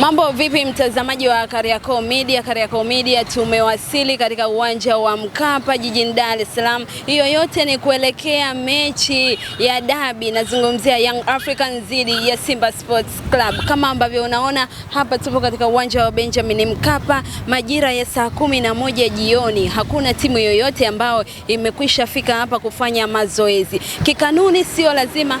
Mambo vipi, mtazamaji wa Kariakoo Media? Kariakoo Media tumewasili katika uwanja wa Mkapa jijini Dar es Salaam. Hiyo yote ni kuelekea mechi ya dabi, nazungumzia Young Africans dhidi ya Simba Sports Club. Kama ambavyo unaona hapa, tupo katika uwanja wa Benjamin Mkapa majira ya saa kumi na moja jioni. Hakuna timu yoyote ambayo imekwisha fika hapa kufanya mazoezi. Kikanuni sio lazima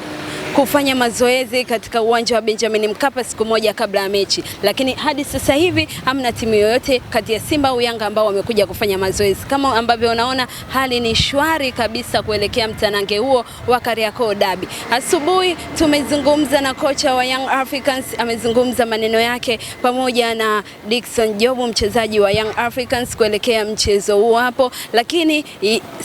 kufanya mazoezi katika uwanja wa Benjamin Mkapa siku moja kabla ya mechi, lakini hadi sasa hivi hamna timu yoyote kati ya Simba au Yanga ambao wamekuja kufanya mazoezi. Kama ambavyo unaona, hali ni shwari kabisa kuelekea mtanange huo wa Kariakoo Derby. Asubuhi tumezungumza na kocha wa Young Africans, amezungumza maneno yake pamoja na Dickson Jobu, mchezaji wa Young Africans kuelekea mchezo huo hapo, lakini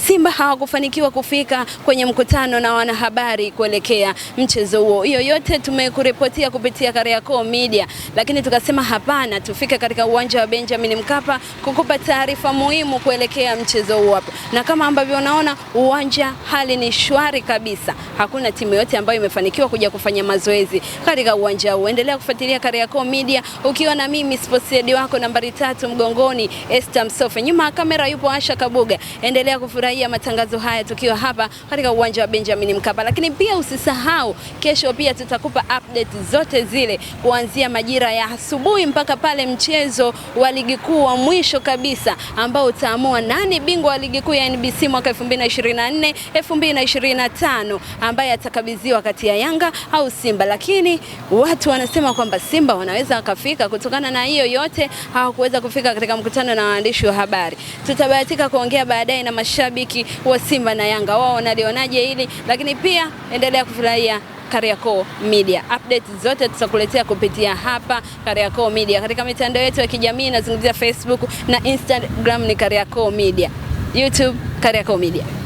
Simba hawakufanikiwa kufika kwenye mkutano na wanahabari kuelekea mchezo huo. Hiyo yote tumekuripotia kupitia Kariakoo Media, lakini tukasema hapana, tufike katika uwanja wa Benjamin Mkapa kukupa taarifa muhimu kuelekea mchezo huo hapo, na kama ambavyo unaona uwanja, hali ni shwari kabisa, hakuna timu yote ambayo imefanikiwa kuja kufanya mazoezi katika uwanja huu. Endelea kufuatilia Kariakoo Media ukiwa na mimi sports head wako nambari tatu mgongoni, Esther Msofe, nyuma ya kamera yupo Asha Kabuga. Endelea kufurahia matangazo haya tukiwa hapa katika uwanja wa Benjamin Mkapa, lakini pia usisahau usisahau kesho pia tutakupa update zote zile kuanzia majira ya asubuhi mpaka pale mchezo wa ligi kuu wa mwisho kabisa ambao utaamua nani bingwa wa ligi kuu ya NBC mwaka 2024 2025, ambaye atakabidhiwa kati ya Yanga au Simba, lakini watu wanasema kwamba Simba wanaweza wakafika. Kutokana na hiyo yote, hawakuweza kufika katika mkutano na waandishi wa habari. Tutabahatika kuongea baadaye na mashabiki wa Simba na Yanga, wao wanalionaje hili, lakini pia endelea kufurahia Kariakoo Media. Update zote tutakuletea kupitia hapa Kariakoo Media, katika mitandao yetu ya kijamii inazungumzia Facebook na Instagram ni Kariakoo Media, YouTube Kariakoo Media.